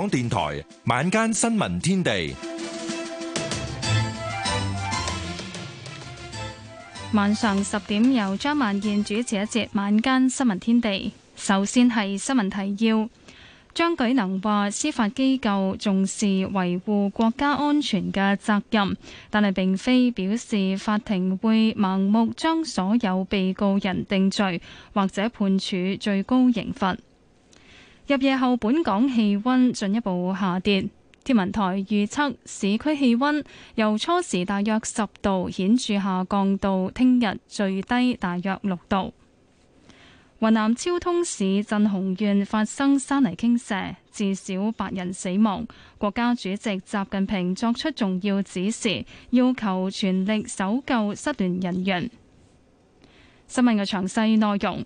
港電台晚間新聞天地，晚上十點由張萬燕主持一節晚間新聞天地。首先係新聞提要，張舉能話司法機構重視維護國家安全嘅責任，但係並非表示法庭會盲目將所有被告人定罪或者判處最高刑罰。入夜後，本港氣溫進一步下跌。天文台預測，市區氣溫由初時大約十度顯著下降到聽日最低大約六度。雲南昭通市鎮雄縣發生山泥傾瀉，至少八人死亡。國家主席習近平作出重要指示，要求全力搜救失聯人員。新聞嘅詳細內容。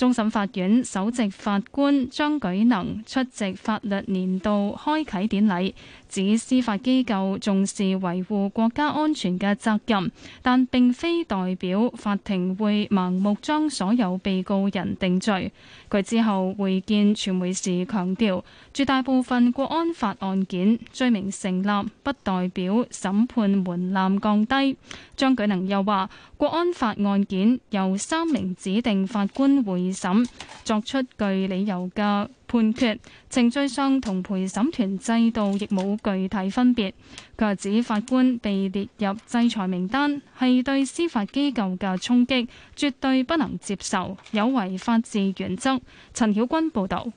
終審法院首席法官張舉能出席法律年度開啓典禮，指司法機構重視維護國家安全嘅責任，但並非代表法庭會盲目將所有被告人定罪。佢之後會見傳媒時強調，絕大部分國安法案件罪名成立，不代表審判門檻降低。張舉能又話，國安法案件由三名指定法官會。二審作出具理由嘅判決，程序上同陪審團制度亦冇具體分別。佢又指法官被列入制裁名單係對司法機構嘅衝擊，絕對不能接受，有違法治原則。陳曉君報道。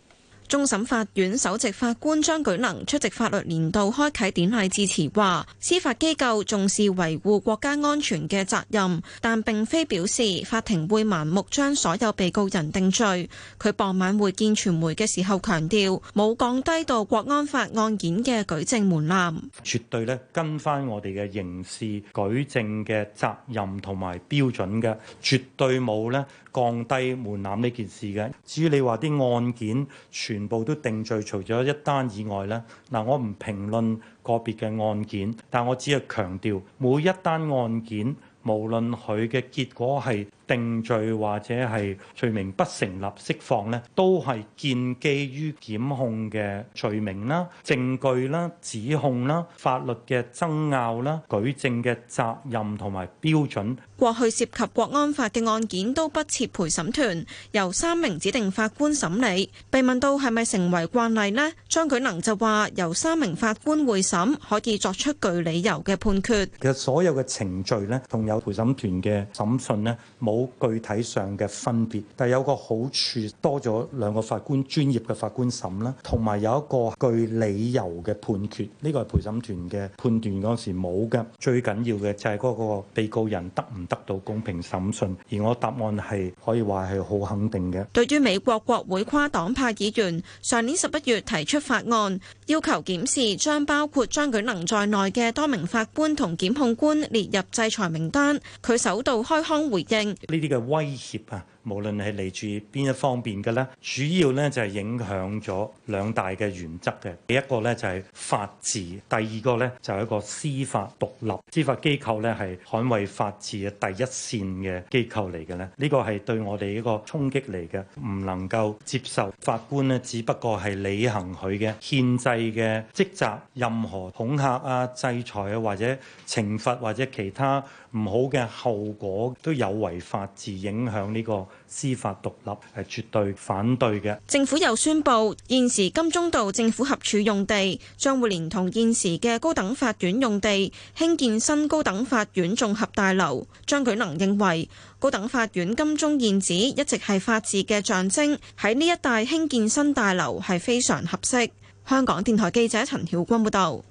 中終審法院首席法官張舉能出席法律年度開啟典禮致辭話，司法機構重視維護國家安全嘅責任，但並非表示法庭會盲目將所有被告人定罪。佢傍晚會見傳媒嘅時候強調，冇降低到國安法案件嘅舉證門檻，絕對咧跟返我哋嘅刑事舉證嘅責任同埋標準嘅，絕對冇咧。降低門檻呢件事嘅，至於你話啲案件全部都定罪，除咗一單以外呢，嗱，我唔評論個別嘅案件，但我只係強調每一單案件，無論佢嘅結果係定罪或者係罪名不成立釋放呢，都係建基於檢控嘅罪名啦、證據啦、指控啦、法律嘅爭拗啦、舉證嘅責任同埋標準。過去涉及國安法嘅案件都不設陪審團，由三名指定法官審理。被問到係咪成為慣例呢？張舉能就話由三名法官會審可以作出具理由嘅判決。其實所有嘅程序呢，同有陪審團嘅審訊呢，冇具體上嘅分別。但係有個好處，多咗兩個法官專業嘅法官審啦，同埋有一個具理由嘅判決。呢個係陪審團嘅判斷嗰時冇嘅。最緊要嘅就係嗰個被告人得唔？得到公平審訊，而我答案係可以話係好肯定嘅。對於美國國會跨黨派議員，上年十一月提出法案，要求檢視將包括張舉能在內嘅多名法官同檢控官列入制裁名單，佢首度開腔回應呢啲嘅威脅啊！無論係嚟自邊一方面嘅咧，主要咧就係、是、影響咗兩大嘅原則嘅。第一個咧就係、是、法治，第二個咧就係、是、一個司法獨立。司法機構咧係捍衞法治嘅第一線嘅機構嚟嘅咧。呢個係對我哋一個衝擊嚟嘅，唔能夠接受法官咧，只不過係履行佢嘅憲制嘅職責，任何恐嚇啊、制裁啊或者懲罰或者其他。唔好嘅後果都有違法治，影響呢個司法獨立，係絕對反對嘅。政府又宣布，現時金鐘道政府合署用地將會連同現時嘅高等法院用地興建新高等法院綜合大樓。張舉能認為，高等法院金鐘現址一直係法治嘅象徵，喺呢一帶興建新大樓係非常合適。香港電台記者陳曉君報道。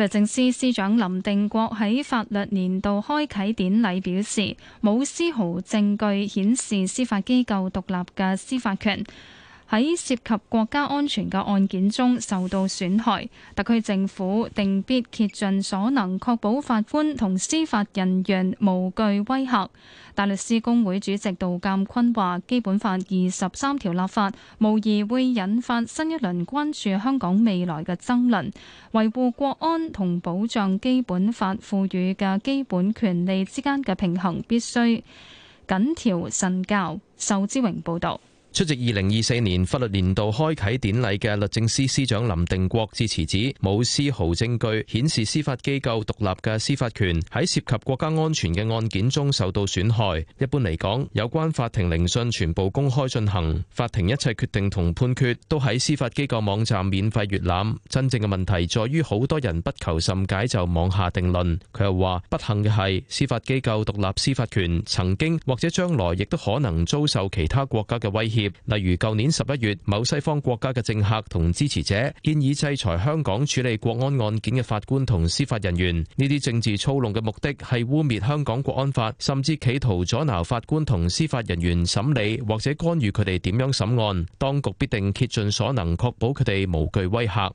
律政司司長林定國喺法律年度開啟典禮表示，冇絲毫證據顯示司法機構獨立嘅司法權。喺涉及國家安全嘅案件中受到損害，特區政府定必竭盡所能確保法官同司法人員無懼威嚇。大律師公會主席杜淦堃話，基本法二十三條立法無疑會引發新一輪關注香港未來嘅爭論。維護國安同保障基本法賦予嘅基本權利之間嘅平衡，必須謹調慎校。仇之榮報道。出席二零二四年法律年度開啟典禮嘅律政司司長林定國致辭指，冇絲毫證據顯示司法機構獨立嘅司法權喺涉及國家安全嘅案件中受到損害。一般嚟講，有關法庭聆訊全部公開進行，法庭一切決定同判決都喺司法機構網站免費閱覽。真正嘅問題在於好多人不求甚解就妄下定論。佢又話，不幸嘅係，司法機構獨立司法權曾經或者將來亦都可能遭受其他國家嘅威脅。例如，舊年十一月，某西方國家嘅政客同支持者建議制裁香港處理國安案件嘅法官同司法人員，呢啲政治操弄嘅目的係污蔑香港國安法，甚至企圖阻撓法官同司法人員審理或者干預佢哋點樣審案。當局必定竭盡所能，確保佢哋無懼威嚇。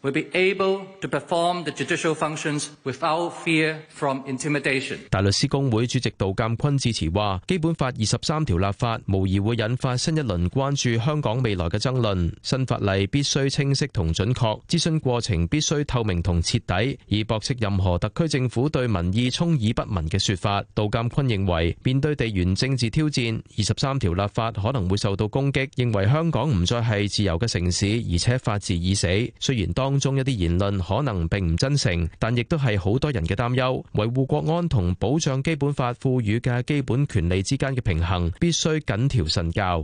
Will be able to perform the judicial functions without fear from intimidation. 大律師公會主席杜鑑坤致辭話：基本法二十三條立法無疑會引發新一輪關注香港未來嘅爭論。新法例必須清晰同準確，諮詢過程必須透明同徹底，以駁斥任何特區政府對民意充耳不聞嘅説法。杜鑑坤認為，面對地緣政治挑戰，二十三條立法可能會受到攻擊，認為香港唔再係自由嘅城市，而且法治已死。雖然當當中一啲言論可能並唔真誠，但亦都係好多人嘅擔憂。維護國安同保障基本法賦予嘅基本權利之間嘅平衡，必須謹慎調校。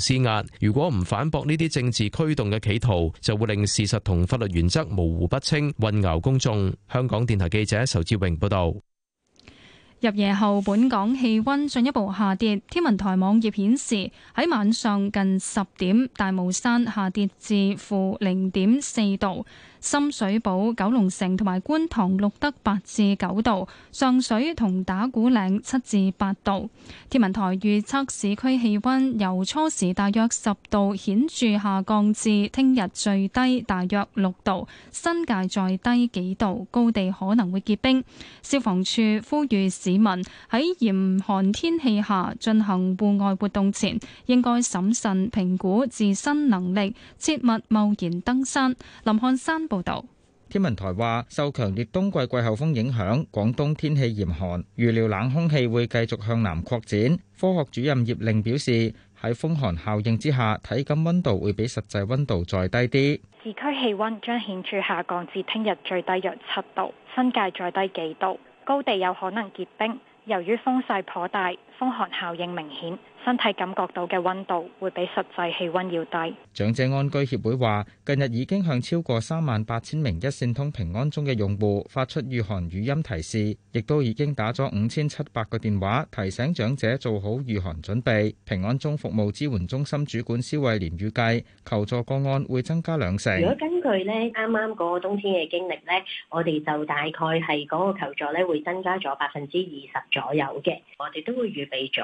施壓，如果唔反駁呢啲政治驅動嘅企圖，就會令事實同法律原則模糊不清，混淆公眾。香港電台記者仇志榮報道：「入夜後，本港氣温進一步下跌。天文台網頁顯示，喺晚上近十點，大霧山下跌至負零點四度。深水埗、九龍城同埋觀塘錄得八至九度，上水同打鼓嶺七至八度。天文台預測市區氣温由初時大約十度顯著下降至聽日最低大約六度，新界再低幾度，高地可能會結冰。消防處呼籲市民喺嚴寒天氣下進行戶外活動前，應該審慎評估自身能力，切勿冒然登山。林漢山。報道，天文台話受強烈冬季季候風影響，廣東天氣嚴寒，預料冷空氣會繼續向南擴展。科學主任葉令表示，喺風寒效應之下，體感温度會比實際温度再低啲。市區氣温將顯著下降至聽日最低約七度，新界再低幾度，高地有可能結冰。由於風勢頗大，風寒效應明顯。身體感覺到嘅温度會比實際氣温要低。長者安居協會話，近日已經向超過三萬八千名一線通平安鐘嘅用戶發出御寒語音提示，亦都已經打咗五千七百個電話提醒長者做好御寒準備。平安鐘服務支援中心主管蕭惠蓮預計，求助個案會增加兩成。如果根據呢啱啱嗰個冬天嘅經歷呢，我哋就大概係嗰個求助呢會增加咗百分之二十左右嘅，我哋都會預備咗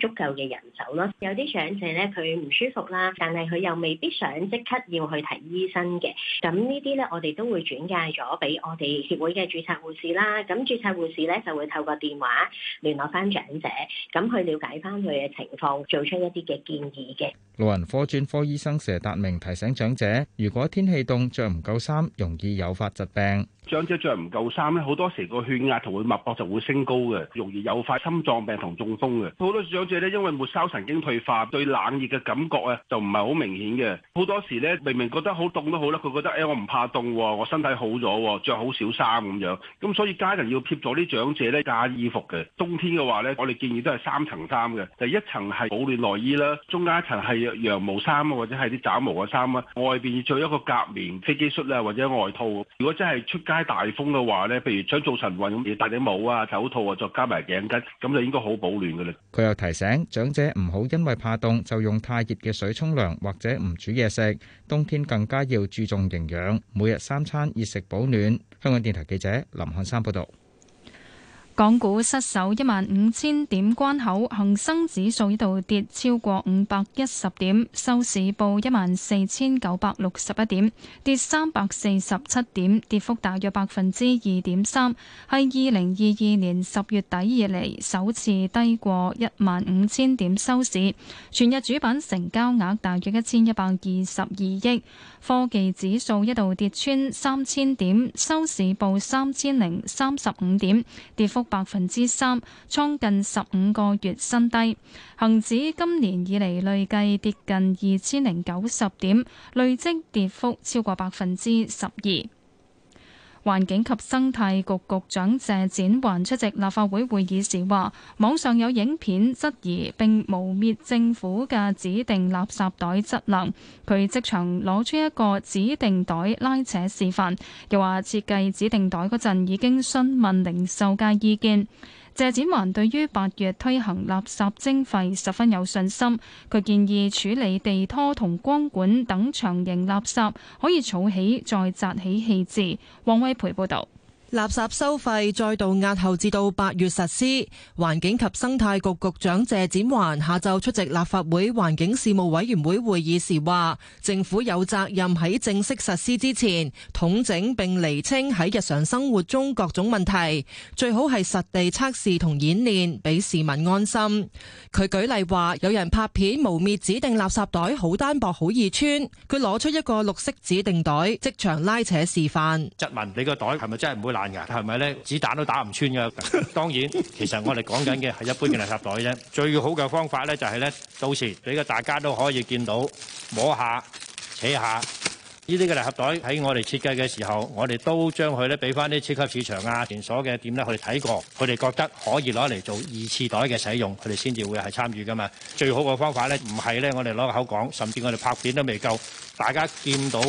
足夠嘅。人手啦，有啲長者咧，佢唔舒服啦，但係佢又未必想即刻要去睇醫生嘅。咁呢啲咧，我哋都會轉介咗俾我哋協會嘅註冊護士啦。咁註冊護士咧就會透過電話聯絡翻長者，咁去了解翻佢嘅情況，做出一啲嘅建議嘅。老人科專科醫生佘達明提醒長者，如果天氣凍着唔夠衫，容易誘發疾病。長者着唔夠衫咧，好多時個血壓同個脈搏就會升高嘅，容易誘發心臟病同中風嘅。好多長者咧，因為末梢神經退化，對冷熱嘅感覺咧就唔係好明顯嘅。好多時咧，明明覺得好凍都好啦，佢覺得誒我唔怕凍，我身體好咗，着好少衫咁樣。咁所以家人要協助啲長者咧加衣服嘅。冬天嘅話咧，我哋建議都係三層衫嘅，第一層係保暖內衣啦，中間一層係羊毛衫啊，或者係啲絨毛嘅衫啊。外邊要着一個夾棉飛機恤啊，或者外套。如果真係出街大風嘅話咧，譬如想做晨運咁，要戴頂帽啊、手套啊，再加埋頸巾，咁就應該好保暖嘅啦。佢又提醒長者唔好因為怕凍就用太熱嘅水沖涼或者唔煮嘢食，冬天更加要注重營養，每日三餐熱食保暖。香港電台記者林漢山報道。港股失守一萬五千點關口，恒生指數一度跌超過五百一十點，收市報一萬四千九百六十一點，跌三百四十七點，跌幅大約百分之二點三，係二零二二年十月底以嚟首次低過一萬五千點收市。全日主板成交額大約一千一百二十二億，科技指數一度跌穿三千點，收市報三千零三十五點跌幅。百分之三，創近十五個月新低。恒指今年以嚟累計跌近二千零九十點，累積跌幅超過百分之十二。環境及生態局局長謝展寰出席立法會會議時話，網上有影片質疑並污衊政府嘅指定垃圾袋質量，佢即場攞出一個指定袋拉扯示範，又話設計指定袋嗰陣已經詢問零售價意見。謝展環對於八月推行垃圾徵費十分有信心，佢建議處理地拖同光管等長形垃圾可以儲起再紮起棄置。黃威培報導。垃圾收費再度押後至到八月實施，環境及生態局局長謝展環下晝出席立法會環境事務委員會會議時話，政府有責任喺正式實施之前統整並釐清喺日常生活中各種問題，最好係實地測試同演練，俾市民安心。佢舉例話，有人拍片污蔑指定垃圾袋好單薄好易穿，佢攞出一個綠色指定袋，即場拉扯示範。質問你個袋係咪真係唔會係咪咧？子彈都打唔穿噶當然，其實我哋講緊嘅係一般嘅垃圾袋啫。最好嘅方法咧，就係咧，到時俾個大家都可以見到，摸下、扯下，呢啲嘅垃圾袋喺我哋設計嘅時候，我哋都將佢咧俾翻啲超級市場啊、連鎖嘅店咧，佢哋睇過，佢哋覺得可以攞嚟做二次袋嘅使用，佢哋先至會係參與噶嘛。最好嘅方法咧，唔係咧，我哋攞個口講，甚至我哋拍片都未夠，大家見到。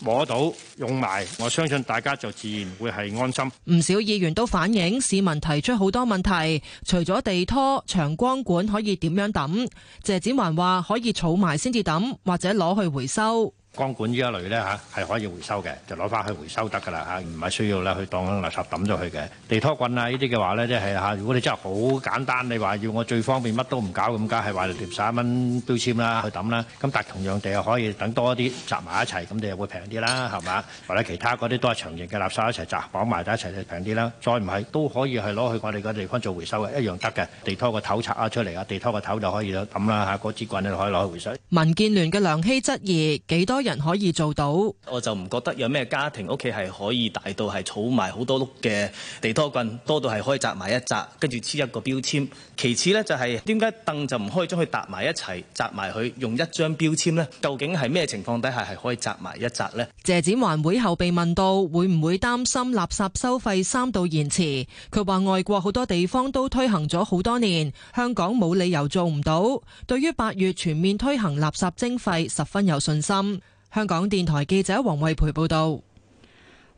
摸到用埋，我相信大家就自然會係安心。唔少議員都反映市民提出好多問題，除咗地拖，長光管可以點樣抌？謝展寰話可以儲埋先至抌，或者攞去回收。光管依一類咧嚇係可以回收嘅，就攞翻去回收得噶啦嚇，唔係需要咧去當垃圾抌咗去嘅。地拖棍啊依啲嘅話咧，即係嚇，如果你真係好簡單，你話要我最方便乜都唔搞咁，梗係話你貼曬一蚊標籤啦，去抌啦。咁但係同樣地又可以等多啲集埋一齊，咁你又會平啲啦，係嘛？或者其他嗰啲都係長形嘅垃圾一齊集綁埋喺一齊，就平啲啦。再唔係都可以係攞去我哋個地方做回收嘅，一樣得嘅。地拖個頭拆咗出嚟啊，地拖個頭就可以啦抌啦嚇，嗰支棍你可以攞去回收。民建聯嘅梁熙質疑幾多？人可以做到，我就唔覺得有咩家庭屋企係可以大到係儲埋好多碌嘅地拖棍，多到係可以紮埋一紮，跟住黐一個標籤。其次呢就係點解凳就唔可以將佢搭埋一齊，紮埋佢用一張標籤呢，究竟係咩情況底下係可以紮埋一紮呢？謝展寰會後被問到會唔會擔心垃圾收費三度延遲，佢話外國好多地方都推行咗好多年，香港冇理由做唔到。對於八月全面推行垃圾徵費，十分有信心。香港電台記者黃慧培報道。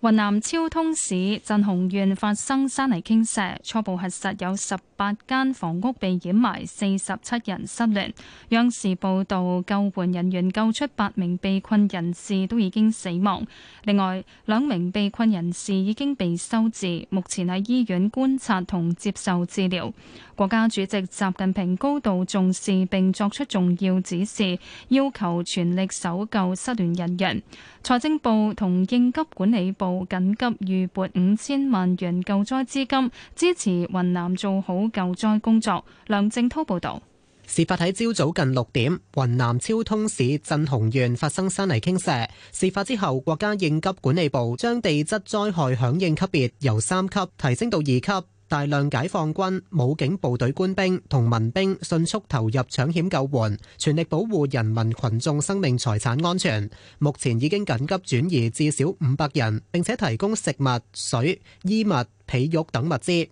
雲南昭通市鎮雄縣發生山泥傾瀉，初步核實有十八間房屋被掩埋，四十七人失聯。央視報道，救援人員救出八名被困人士，都已經死亡。另外兩名被困人士已經被收治，目前喺醫院觀察同接受治療。國家主席習近平高度重視，並作出重要指示，要求全力搜救失聯人員。財政部同應急管理部。部緊急預撥五千萬元救災資金，支持雲南做好救災工作。梁正濤報道。事發喺朝早近六點，雲南昭通市鎮雄縣發生山泥傾瀉。事發之後，國家應急管理部將地質災害響應級別由三級提升到二級。大量解放軍、武警部隊官兵同民兵迅速投入搶險救援，全力保護人民群眾生命財產安全。目前已經緊急轉移至少五百人，並且提供食物、水、衣物、被褥等物資。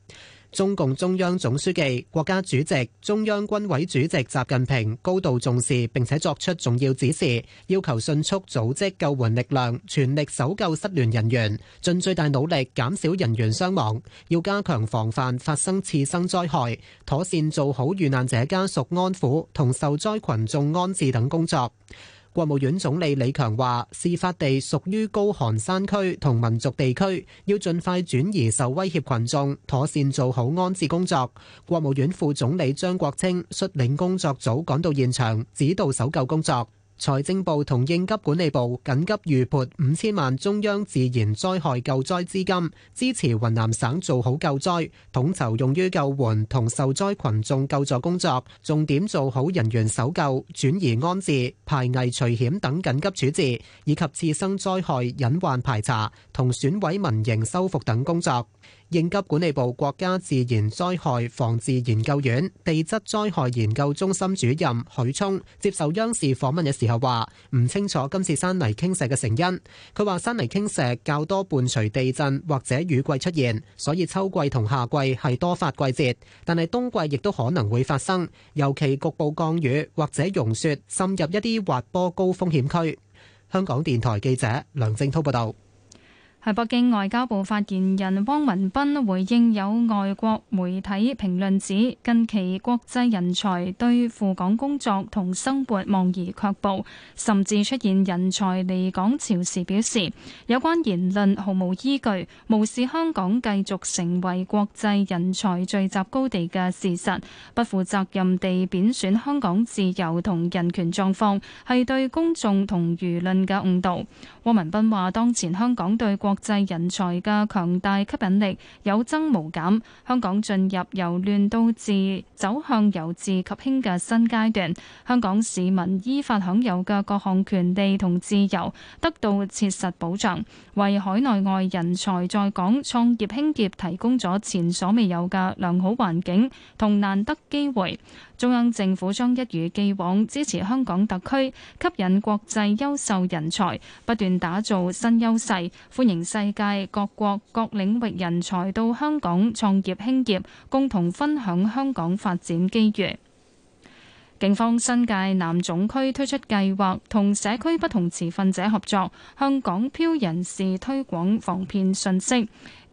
中共中央總書記、國家主席、中央軍委主席習近平高度重視，並且作出重要指示，要求迅速組織救援力量，全力搜救失聯人員，盡最大努力減少人員傷亡，要加強防範發生次生災害，妥善做好遇難者家屬安撫同受災群眾安置等工作。國務院總理李強話：事發地屬於高寒山區同民族地區，要盡快轉移受威脅群眾，妥善做好安置工作。國務院副總理張國清率領工作組趕到現場，指導搜救工作。財政部同應急管理部緊急預撥五千萬中央自然災害救災資金，支持雲南省做好救災統籌，用於救援同受災群眾救助工作，重點做好人員搜救、轉移安置、排危除險等緊急處置，以及次生災害隱患排查同損毀民房修復等工作。應急管理部國家自然災害防治研究院地質災害研究中心主任許沖接受央視訪問嘅時候話：唔清楚今次山泥傾瀉嘅成因。佢話山泥傾瀉較多伴隨地震或者雨季出現，所以秋季同夏季係多發季節，但係冬季亦都可能會發生，尤其局部降雨或者融雪滲入一啲滑坡高風險區。香港電台記者梁正濤報道。係北京外交部發言人汪文斌回應有外國媒體評論指，近期國際人才對赴港工作同生活望而卻步，甚至出現人才離港潮時表示有關言論毫無依據，無視香港繼續成為國際人才聚集高地嘅事實，不負責任地貶損香港自由同人權狀況，係對公眾同輿論嘅誤導，汪文斌話當前香港對國。國際人才嘅強大吸引力有增無減，香港進入由亂到治、走向由治及興嘅新階段。香港市民依法享有嘅各項權利同自由得到切實保障，為海內外人才在港創業興業提供咗前所未有嘅良好環境同難得機會。中央政府將一如既往支持香港特區，吸引國際優秀人才，不斷打造新優勢，歡迎世界各國各領域人才到香港創業興業，共同分享香港發展機遇。警方新界南總區推出計劃，同社區不同持份者合作，向港漂人士推廣防騙信息。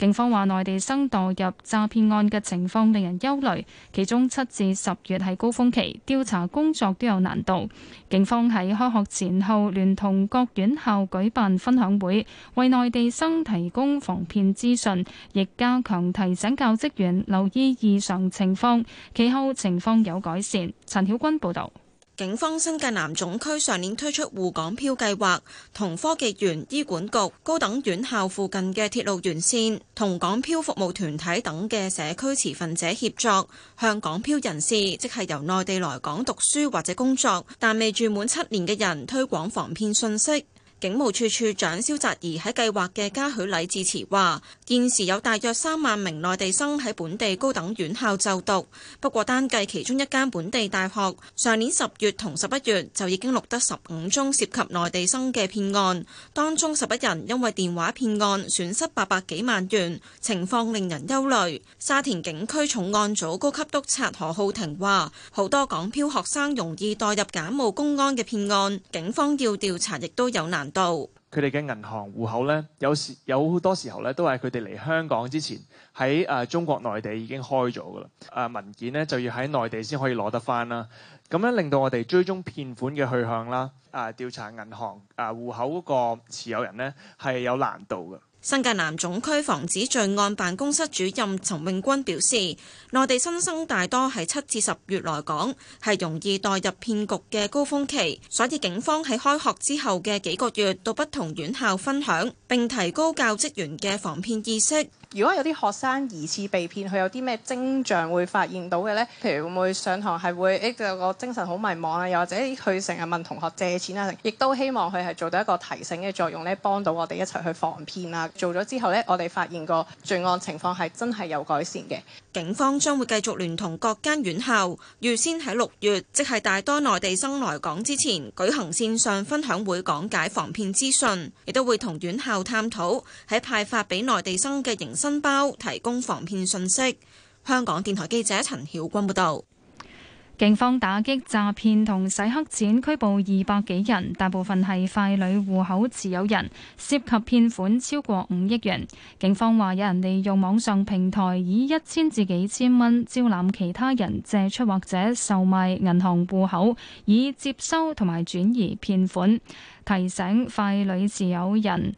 警方話，內地生墮入詐騙案嘅情況令人憂慮，其中七至十月係高峰期，調查工作都有難度。警方喺開學前後聯同各院校舉辦分享會，為內地生提供防騙資訊，亦加強提醒教職員留意異常情況。其後情況有改善。陳曉君報導。警方新界南總區上年推出護港漂計劃，同科技園、醫管局、高等院校附近嘅鐵路沿線同港漂服務團體等嘅社區持份者協作，向港漂人士，即係由內地來港讀書或者工作但未住滿七年嘅人，推廣防騙信息。警務處處長蕭澤頤喺計劃嘅嘉許禮致辭話，現時有大約三萬名內地生喺本地高等院校就讀。不過單計其中一間本地大學，上年十月同十一月就已經錄得十五宗涉及內地生嘅騙案，當中十一人因為電話騙案損失八百幾萬元，情況令人憂慮。沙田警區重案組高級督察何浩庭話，好多港漂學生容易代入假冒公安嘅騙案，警方要調查亦都有難。佢哋嘅銀行戶口咧，有時有好多時候咧，都係佢哋嚟香港之前喺誒、呃、中國內地已經開咗噶、呃、啦。誒文件咧就要喺內地先可以攞得返啦。咁樣令到我哋追蹤騙款嘅去向啦，誒、呃、調查銀行誒戶、呃、口嗰個持有人咧係有難度嘅。新界南總區防止罪案辦公室主任陳永君表示，內地新生大多係七至十月來港，係容易代入騙局嘅高峰期，所以警方喺開學之後嘅幾個月到不同院校分享，並提高教職員嘅防騙意識。如果有啲學生疑似被騙，佢有啲咩徵象會發現到嘅呢？譬如會唔會上堂係會誒個、哎、精神好迷茫啊，又或者佢成日問同學借錢啊？亦都希望佢係做到一個提醒嘅作用咧，幫到我哋一齊去防騙啊！做咗之後呢，我哋發現個罪案情況係真係有改善嘅。警方將會繼續聯同各間院校，預先喺六月，即係大多內地生來港之前，舉行線上分享會，講解防騙資訊，亦都會同院校探討喺派發俾內地生嘅形式。新包提供防騙信息。香港電台記者陳曉君報道：警方打擊詐騙同洗黑錢，拘捕二百幾人，大部分係傀儡戶口持有人，涉及騙款超過五億元。警方話有人利用網上平台，以一千至幾千蚊招攬其他人借出或者售賣銀行戶口，以接收同埋轉移騙款。提醒傀儡持有人。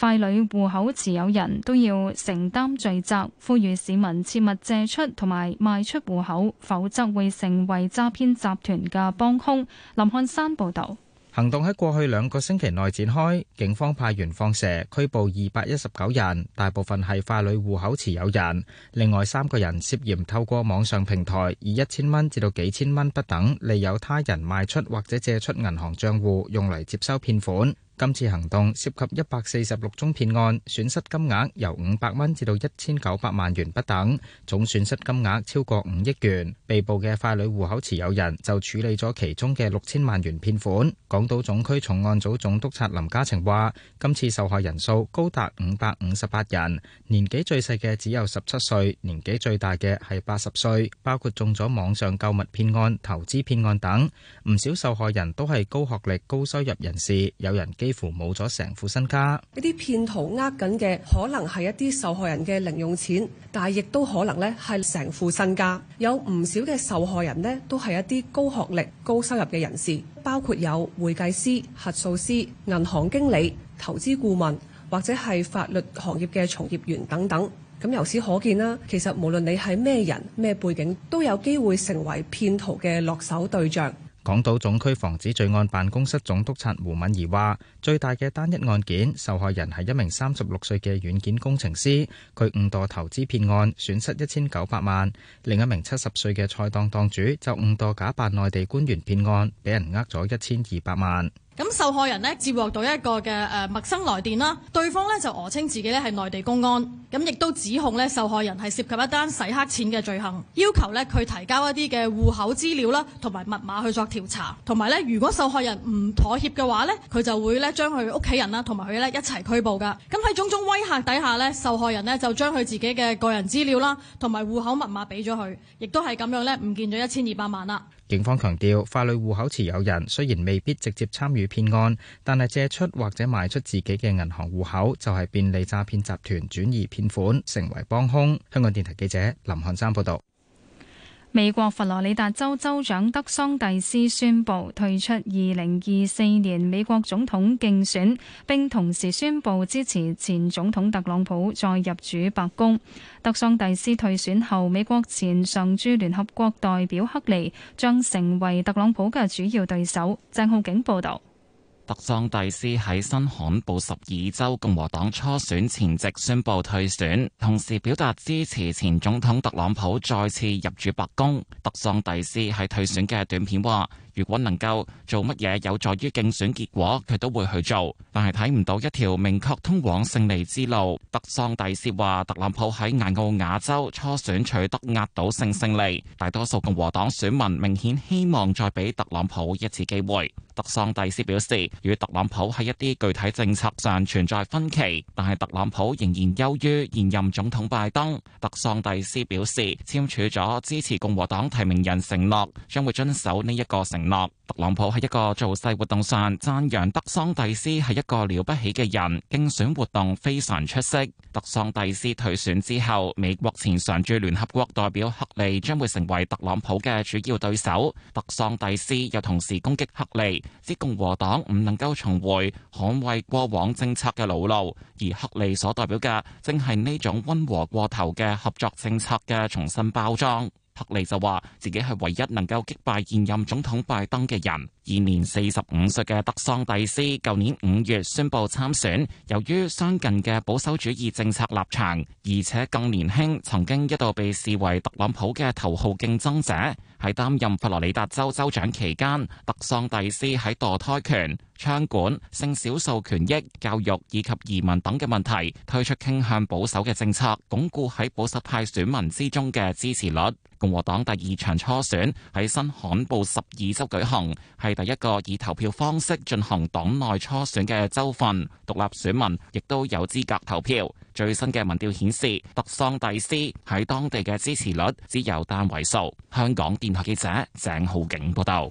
傀儡戶口持有人都要承擔罪責，呼籲市民切勿借出同埋賣出戶口，否則會成為詐騙集團嘅幫兇。林漢山報導，行動喺過去兩個星期內展開，警方派員放蛇拘捕二百一十九人，大部分係傀儡戶口持有人，另外三個人涉嫌透過網上平台以一千蚊至到幾千蚊不等，利誘他人賣出或者借出銀行賬戶，用嚟接收騙款。今次行動涉及一百四十六宗騙案，損失金額由五百蚊至到一千九百萬元不等，總損失金額超過五億元。被捕嘅傀儡戶口持有人就處理咗其中嘅六千萬元騙款。港島總區重案組總督察林嘉晴話，今次受害人數高達五百五十八人，年紀最細嘅只有十七歲，年紀最大嘅係八十歲，包括中咗網上購物騙案、投資騙案等，唔少受害人都係高學歷高收入人士，有人基。幾乎冇咗成副身家。一啲騙徒呃緊嘅，可能係一啲受害人嘅零用錢，但係亦都可能咧係成副身家。有唔少嘅受害人咧，都係一啲高學歷、高收入嘅人士，包括有會計師、核數師、銀行經理、投資顧問或者係法律行業嘅從業員等等。咁由此可見啦，其實無論你係咩人、咩背景，都有機會成為騙徒嘅落手對象。港島總區防止罪案辦公室總督察胡敏儀話，最大嘅單一案件，受害人係一名三十六歲嘅軟件工程師，佢誤墮投資騙案，損失一千九百萬；另一名七十歲嘅菜檔檔主就誤墮假扮內地官員騙案，俾人呃咗一千二百萬。咁受害人呢，接獲到一個嘅誒陌生來電啦，對方呢就訛稱自己呢係內地公安，咁亦都指控呢受害人係涉及一單洗黑錢嘅罪行，要求呢佢提交一啲嘅戶口資料啦，同埋密碼去作調查，同埋呢，如果受害人唔妥協嘅話呢，佢就會呢將佢屋企人啦同埋佢呢一齊拘捕噶。咁喺種種威嚇底下呢，受害人呢就將佢自己嘅個人資料啦同埋戶口密碼俾咗佢，亦都係咁樣呢，唔見咗一千二百萬啦。警方強調，法律戶口持有人雖然未必直接參與騙案，但係借出或者賣出自己嘅銀行戶口，就係便利詐騙集團轉移騙款，成為幫兇。香港電台記者林漢山報道。美國佛羅里達州州長德桑蒂斯宣布退出二零二四年美國總統競選，並同時宣布支持前總統特朗普再入主白宮。德桑蒂斯退選後，美國前常駐聯合國代表克利將成為特朗普嘅主要對手。鄭浩景報道。特桑蒂斯喺新罕布什爾州共和黨初選前夕宣布退選，同時表達支持前總統特朗普再次入主白宮。特桑蒂斯喺退選嘅短片話。如果能夠做乜嘢有助於競選結果，佢都會去做。但係睇唔到一條明確通往勝利之路。特桑蒂斯話特朗普喺艾奧瓦州初選取得壓倒性勝利，大多數共和黨選民明顯希望再俾特朗普一次機會。特桑蒂斯表示，與特朗普喺一啲具體政策上存在分歧，但係特朗普仍然優於現任總統拜登。特桑蒂斯表示簽署咗支持共和黨提名人承諾，將會遵守呢一個成。承。承諾，特朗普喺一個造勢活動上讚揚德桑蒂斯係一個了不起嘅人，競選活動非常出色。德桑蒂斯退選之後，美國前常駐聯合國代表克利將會成為特朗普嘅主要對手。德桑蒂斯又同時攻擊克利，指共和黨唔能夠重回捍衛過往政策嘅老路，而克利所代表嘅正係呢種温和過頭嘅合作政策嘅重新包裝。特利就話自己係唯一能夠擊敗現任總統拜登嘅人。現年四十五歲嘅德桑蒂斯，舊年五月宣布參選，由於相近嘅保守主義政策立場，而且更年輕，曾經一度被視為特朗普嘅頭號競爭者。喺擔任佛羅里達州州長期間，德桑蒂斯喺墮胎權、槍管、性少數權益、教育以及移民等嘅問題，推出傾向保守嘅政策，鞏固喺保守派選民之中嘅支持率。共和黨第二場初選喺新罕布什爾州舉行，係第一個以投票方式進行黨內初選嘅州份。獨立選民亦都有資格投票。最新嘅民調顯示，特桑蒂斯喺當地嘅支持率只有單位數。香港電台記者鄭浩景報道。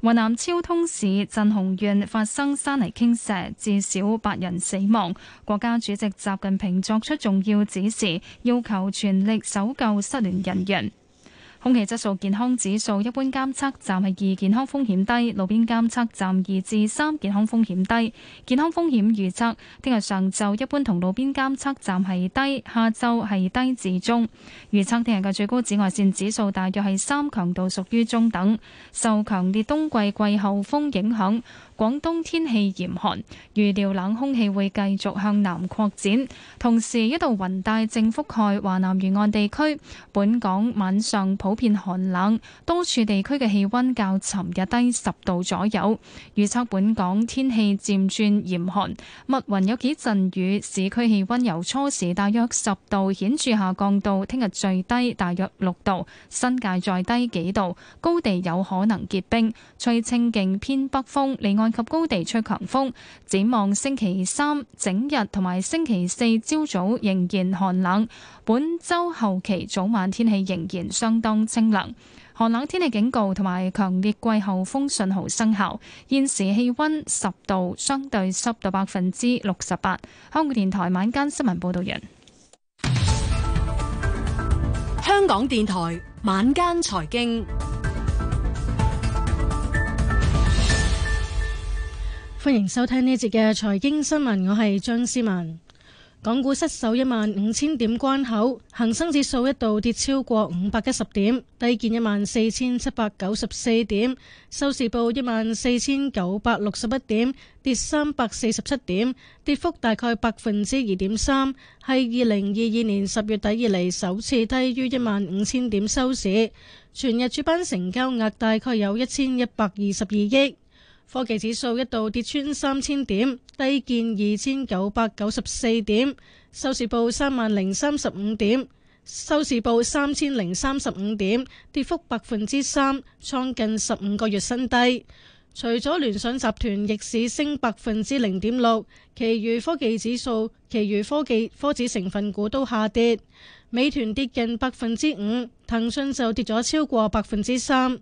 雲南昭通市鎮雄縣發生山泥傾瀉，至少八人死亡。國家主席習近平作出重要指示，要求全力搜救失聯人員。空氣質素健康指數一般監測站係二，健康風險低；路邊監測站二至三，健康風險低。健康風險預測：聽日上晝一般同路邊監測站係低，下晝係低至中。預測聽日嘅最高紫外線指數大約係三，強度屬於中等。受強烈冬季季候風影響。廣東天氣嚴寒，預料冷空氣會繼續向南擴展，同時一道雲帶正覆蓋華南沿岸地區。本港晚上普遍寒冷，多處地區嘅氣溫較尋日低十度左右。預測本港天氣漸轉嚴寒，密雲有幾陣雨。市區氣溫由初時大約十度顯著下降到聽日最低大約六度，新界再低幾度，高地有可能結冰。吹清勁偏北風，離岸，及高地吹強風，展望星期三整日同埋星期四朝早仍然寒冷。本周後期早晚天氣仍然相當清冷，寒冷天氣警告同埋強烈季候風信號生效。現時氣溫十度，相對濕度百分之六十八。香港電台晚間新聞報道人，香港電台晚間財經。歡迎收聽呢節嘅財經新聞，我係張思文。港股失守一萬五千點關口，恒生指數一度跌超過五百一十點，低見一萬四千七百九十四點，收市報一萬四千九百六十一點，跌三百四十七點，跌幅大概百分之二點三，係二零二二年十月底以嚟首次低於一萬五千點收市。全日主板成交額大概有一千一百二十二億。科技指數一度跌穿三千點，低見二千九百九十四點，收市報三萬零三十五點，收市報三千零三十五點，跌幅百分之三，創近十五個月新低。除咗聯想集團逆市升百分之零點六，其餘科技指數、其餘科技科指成分股都下跌，美團跌近百分之五，騰訊就跌咗超過百分之三。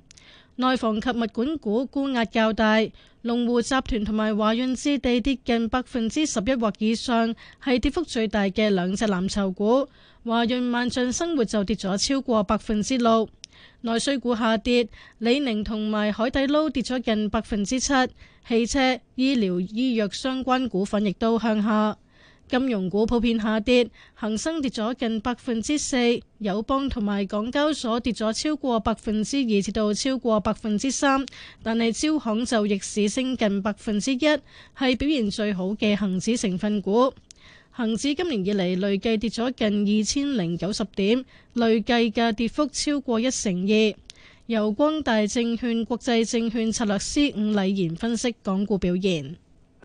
內房及物管股沽壓較大，龍湖集團同埋華潤置地跌近百分之十一或以上，係跌幅最大嘅兩隻藍籌股。華潤萬象生活就跌咗超過百分之六。內需股下跌，李寧同埋海底撈跌咗近百分之七。汽車、醫療、醫藥相關股份亦都向下。金融股普遍下跌，恒生跌咗近百分之四，友邦同埋港交所跌咗超過百分之二至到超過百分之三，但係招行就逆市升近百分之一，係表現最好嘅恒指成分股。恒指今年以嚟累計跌咗近二千零九十點，累計嘅跌幅超過一成二。由光大證券國際證券策略師伍禮賢分析港股表現。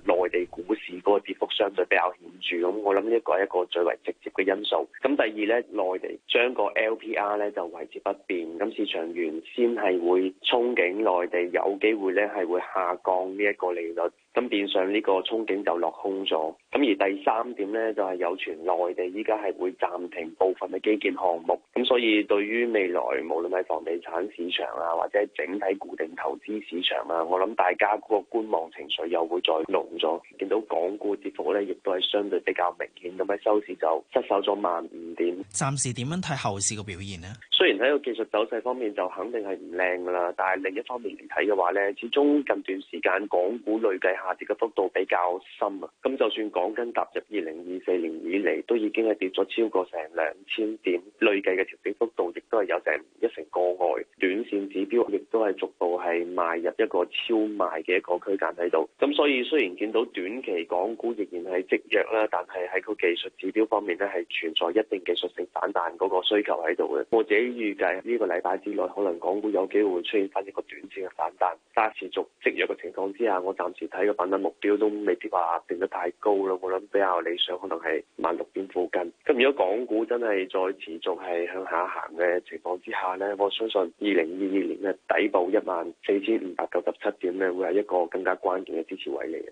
內地股市。個跌幅相對比較顯著，咁我諗呢一個係一個最為直接嘅因素。咁第二呢，內地將個 LPR 呢就維持不變，咁市場原先係會憧憬內地有機會呢係會下降呢一個利率，咁變相呢個憧憬就落空咗。咁而第三點呢，就係有傳內地依家係會暫停部分嘅基建項目，咁所以對於未來無論係房地產市場啊，或者整體固定投資市場啊，我諗大家嗰個觀望情緒又會再濃咗，見到港股跌幅咧，亦都係相對比較明顯，咁喺收市就失守咗萬五點。暫時點樣睇後市嘅表現呢？雖然喺個技術走勢方面就肯定係唔靚啦，但係另一方面嚟睇嘅話咧，始終近段時間港股累計下跌嘅幅度比較深啊。咁就算講緊踏入二零二四年以嚟，都已經係跌咗超過成兩千點，累計嘅調整幅度亦都係有成一成個外。短線指標亦都係逐步係邁入一個超賣嘅一個區間喺度。咁所以雖然見到短期港，港股仍然係積弱啦，但係喺個技術指標方面咧，係存在一定技術性反彈嗰個需求喺度嘅。我自己預計呢個禮拜之內，可能港股有機會出現翻一個短線嘅反彈。但係持續積弱嘅情況之下，我暫時睇個反彈目標都未必話定得太高咯，我諗比較理想可能係萬六點附近。咁如果港股真係再持續係向下行嘅情況之下咧，我相信二零二二年嘅底部一萬四千五百九十七點咧，會係一個更加關鍵嘅支持位嚟嘅。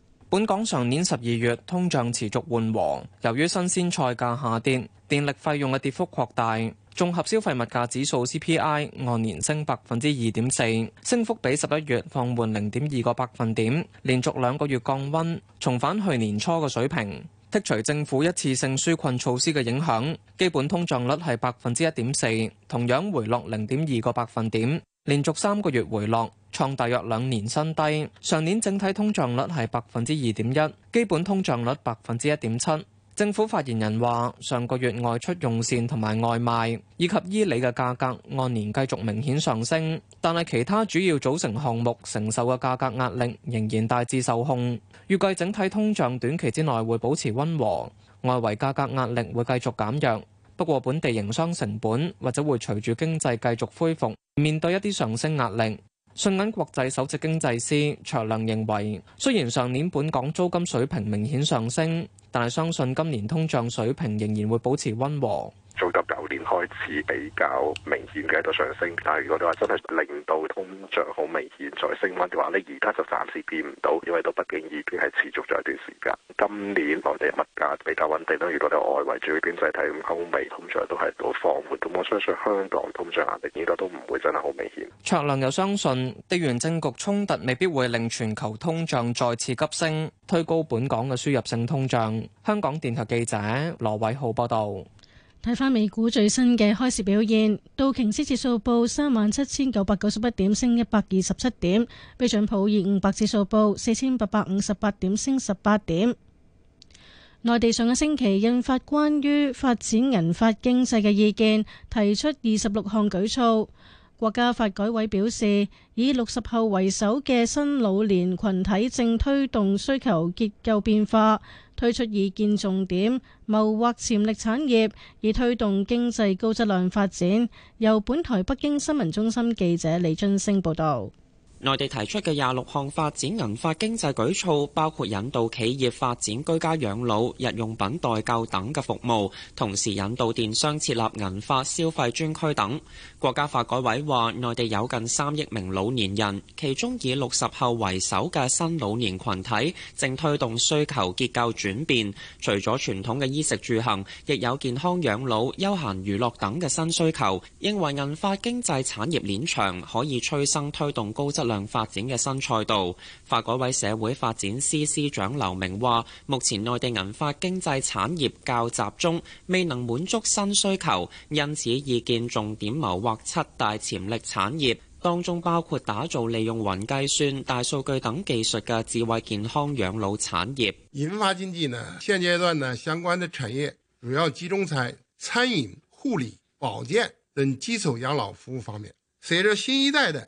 本港上年十二月通脹持續緩和，由於新鮮菜價下跌、電力費用嘅跌幅擴大，綜合消費物價指數 CPI 按年升百分之二點四，升幅比十一月放緩零點二個百分點，連續兩個月降温，重返去年初嘅水平。剔除政府一次性紓困措施嘅影響，基本通脹率係百分之一點四，同樣回落零點二個百分點。連續三個月回落，創大約兩年新低。上年整體通脹率係百分之二點一，基本通脹率百分之一點七。政府發言人話：上個月外出用膳同埋外賣以及衣履嘅價格按年繼續明顯上升，但係其他主要組成項目承受嘅價格壓力仍然大致受控。預計整體通脹短期之內會保持温和，外圍價格壓力會繼續減弱。不過，本地營商成本或者會隨住經濟繼續恢復，面對一啲上升壓力。信銀國際首席經濟師卓亮認為，雖然上年本港租金水平明顯上升，但係相信今年通脹水平仍然會保持溫和。早到舊年開始比較明顯嘅一個上升，但係如果你話真係令到通脹好明顯再升温嘅話，你而家就暫時見唔到，因為到北京已經係持續咗一段時間。今年內地物價比較穩定啦，如果你外圍主要經濟體歐美通脹都係度放緩咁，我相信香港通脹壓力應該都唔會真係好明顯。卓亮又相信，地緣政局衝突未必會令全球通脹再次急升，推高本港嘅輸入性通脹。香港電台記者羅偉浩報道。睇翻美股最新嘅開市表現，道瓊斯指數報三萬七千九百九十一點，升一百二十七點；標準普爾五百指數報四千八百五十八點，升十八點。內地上個星期印發關於發展銀髮經濟嘅意見，提出二十六項舉措。國家發改委表示，以六十後為首嘅新老年群體正推動需求結構變化，推出意見重點，謀劃潛力產業，以推動經濟高質量發展。由本台北京新聞中心記者李津星報道。內地提出嘅廿六項發展銀髮經濟舉措，包括引導企業發展居家養老、日用品代購等嘅服務，同時引導電商設立銀髮消費專區等。國家發改委話，內地有近三億名老年人，其中以六十後為首嘅新老年群體正推動需求結構轉變。除咗傳統嘅衣食住行，亦有健康養老、休閒娛樂等嘅新需求。認為銀髮經濟產業鏈長，可以催生推動高質量發展嘅新賽道，發改委社會發展司司長劉明話，目前內地銀髮經濟產業較集中，未能滿足新需求，因此意見重點謀劃七大潛力產業，當中包括打造利用雲計算、大數據等技術嘅智慧健康養老產業。銀髮經濟呢，現階段呢相關的產業主要集中在餐飲、護理、保健等基礎養老服務方面。隨着新一代的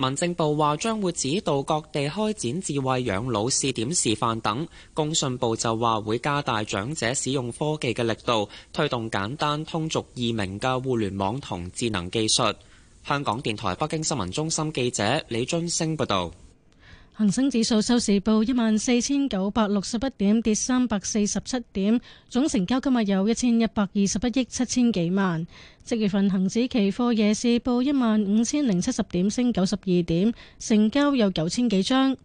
民政部話將會指導各地開展智慧養老試點示範等，工信部就話會加大長者使用科技嘅力度，推動簡單通俗易明嘅互聯網同智能技術。香港電台北京新聞中心記者李津星報道。恒生指數收市報一萬四千九百六十一點，跌三百四十七點，總成交金額有一千一百二十一億七千幾萬。即月份恒指期貨夜市報一萬五千零七十點，升九十二點，成交有九千幾張。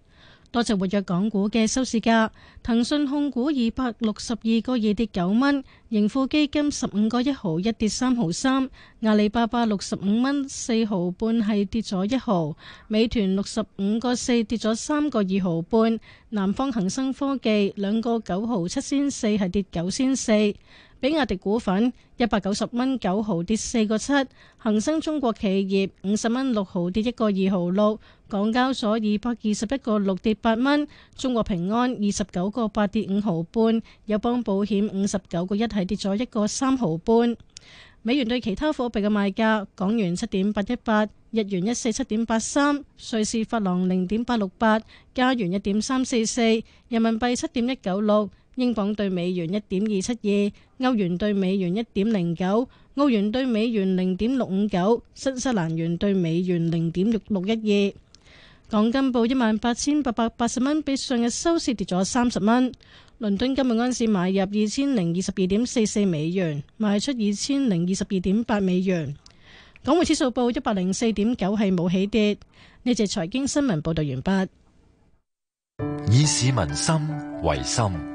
多隻活躍港股嘅收市價，騰訊控股二百六十二個二跌九蚊，盈富基金十五個一毫一跌三毫三，阿里巴巴六十五蚊四毫半係跌咗一毫，美團六十五個四跌咗三個二毫半，南方恒生科技兩個九毫七仙四係跌九仙四。比亞迪股份一百九十蚊九毫跌四個七，7, 恒生中國企業五十蚊六毫跌一個二毫六，26, 港交所二百二十一個六跌八蚊，8, 中國平安二十九個八跌五毫半，友邦保險五十九個一係跌咗一個三毫半。美元對其他貨幣嘅賣價：港元七點八一八，日元一四七點八三，瑞士法郎零點八六八，加元一點三四四，人民幣七點一九六。英鎊兌美元一點二七二，歐元兌美元一點零九，澳元兌美元零點六五九，新西蘭元兌美元零點六六一二。港金報一萬八千八百八十蚊，比上日收市跌咗三十蚊。倫敦今日安士買入二千零二十二點四四美元，賣出二千零二十二點八美元。港匯指數報一百零四點九，係冇起跌。呢節財經新聞報道完畢。以市民心為心。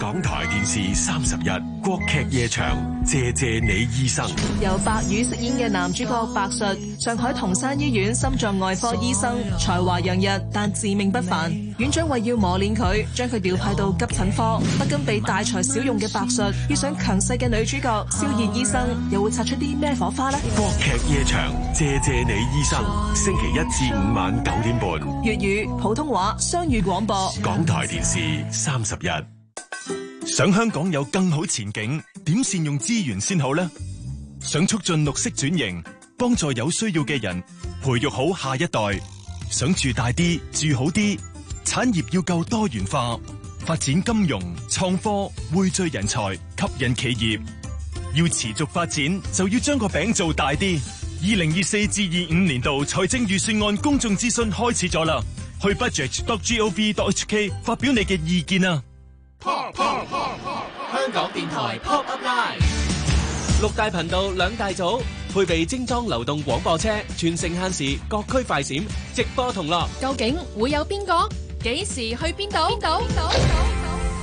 港台電視三十日，國劇夜場，謝謝你醫生。由白宇飾演嘅男主角白術，上海同山醫院心臟外科醫生，所有 才華洋溢但自命不凡。院長為要磨練佢，將佢調派到急診科。不甘好被大材小用嘅白術，遇上強勢嘅女主角肖燕好醫生，又會擦出啲咩火花呢？國劇夜場，謝謝你醫生。星期一至五晚九點半，粵語、普通話雙語廣播。港台電視三十日。想香港有更好前景，點善用資源先好呢？想促進綠色轉型，幫助有需要嘅人，培育好下一代。想住大啲，住好啲，產業要夠多元化，發展金融、創科、匯聚人才、吸引企業。要持續發展，就要將個餅做大啲。二零二四至二五年度財政預算案公眾諮詢開始咗啦，去 budget.gov.hk 發表你嘅意見啊！Pop Pop Pop Pop！香港電台 Pop Up Live，六大頻道兩大組，配備精裝流動廣播車，全城限時，各區快閃，直播同樂。究竟會有邊個？幾時去邊度？邊度？邊度？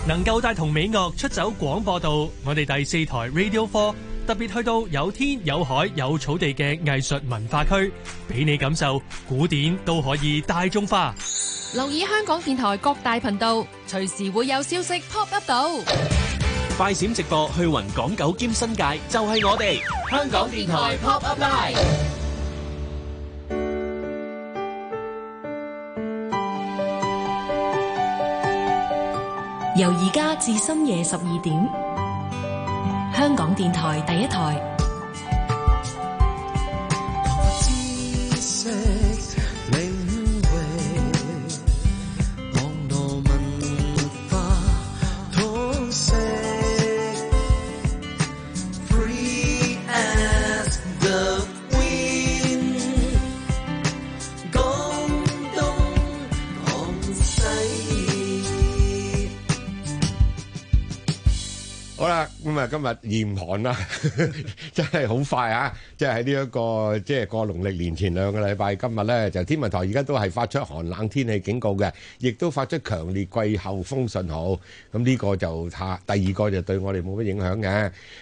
能夠帶同美樂出走廣播道，我哋第四台 Radio Four。特別去到有天有海有草地嘅藝術文化區，俾你感受古典都可以大眾化。留意香港電台各大頻道，隨時會有消息 pop up 到。快閃直播去雲港九兼新界，就係我哋香港電台 pop up live。由而家至深夜十二點。香港電台第一台。今日嚴寒啦， 真係好快啊！即係喺呢一個，即係過農曆年前兩個禮拜，今日咧就天文台而家都係發出寒冷天氣警告嘅，亦都發出強烈季候風信號。咁呢個就差，第二個就對我哋冇乜影響嘅。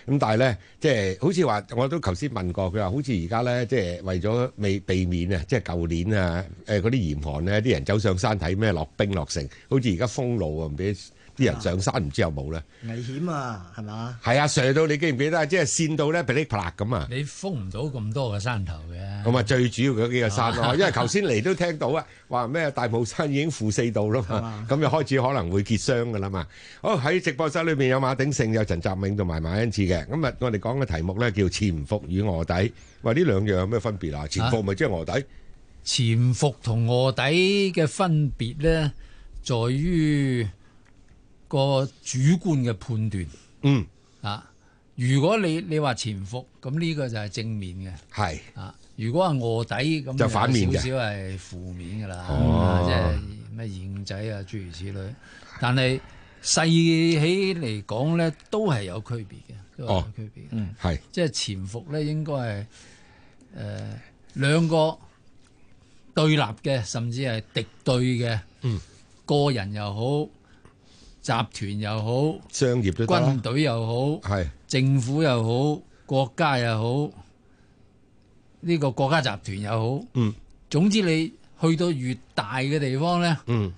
咁但係咧，即係好似話，我都頭先問過佢話，好似而家咧，即係為咗未避免啊，即係舊年啊，誒嗰啲嚴寒咧，啲人走上山睇咩落冰落成，好似而家封路啊，唔知。啲人上山唔知有冇咧？危險啊，係嘛？係啊，上到你記唔記得啊？即係跣到咧，噼哩啪啦咁啊！你封唔到咁多個山頭嘅。咁啊，最主要嗰幾個山咯，因為頭先嚟都聽到啊，話咩大帽山已經負四度咯，咁就開始可能會結霜噶啦嘛。好喺直播室裏邊有馬鼎盛、有陳澤銘同埋馬恩志嘅。咁啊，我哋講嘅題目咧叫潛伏與臥底。話呢兩樣有咩分別啊？潛伏咪即係臥底？潛伏同臥底嘅分別咧，在於。個主觀嘅判斷。嗯啊，如果你你話潛伏，咁呢個就係正面嘅，係啊，如果係卧底咁就，就反面少少係負面噶啦，啊、即係咩燕仔啊，諸如此類。但係細起嚟講咧，都係有區別嘅，都有區別哦，區別，嗯，係，即係潛伏咧，應該係誒兩個對立嘅，甚至係敵對嘅，嗯，個人又好。集團又好，商業都，軍隊又好，係是的 政府又好，國家又好，呢個國家集團又好，嗯，總之你去到越大嘅地方呢。嗯。